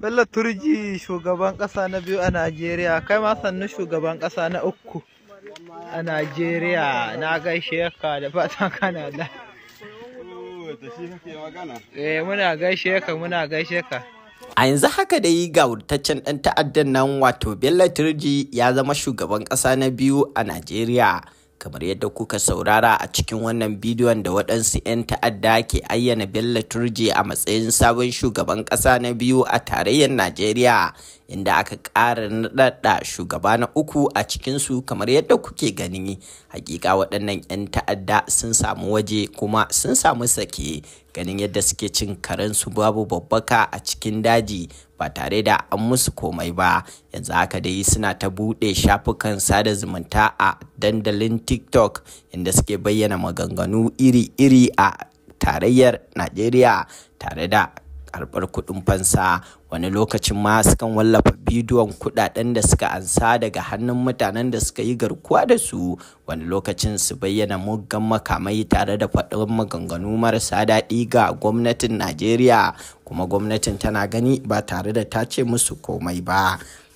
Bello Turji shugaban kasa na biyu a Najeriya, kai ma sannu shugaban kasa na uku a Najeriya na gaishe ka da fatan kana da. Eh muna gaishe ka muna gaishe ka. A yanzu haka da yi ga wurtaccen ɗan ta'addan nan wato Bello Turji ya zama shugaban kasa na biyu a Najeriya. kamar yadda kuka saurara a cikin wannan bidiyon da waɗansu 'yan ta'adda ke ayyana Bello turje a matsayin sabon shugaban ƙasa na biyu a tarayyar Najeriya inda aka ƙara naɗaɗa shugaba na uku a cikinsu kamar yadda kuke gani hakika waɗannan 'yan ta'adda sun samu waje kuma sun samu sake ganin yadda suke cin karensu babu babbaka a cikin daji ba tare da an musu komai ba yanzu haka dai suna ta buɗe shafukan sada zumunta a dandalin tiktok inda suke bayyana maganganu iri-iri a tarayyar najeriya tare da karɓar kuɗin fansa wani lokacin ma sukan wallafa bidiyon kuɗaɗen da suka ansa daga hannun mutanen da suka yi garkuwa da su wani lokacin su bayyana muggan makamai tare da faɗin maganganu marasa daɗi ga gwamnatin najeriya kuma gwamnatin tana gani ba tare da ta ce musu komai ba